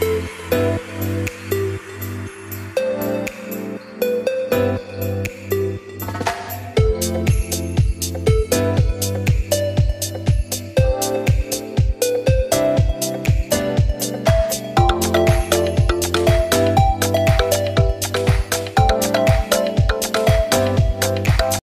you.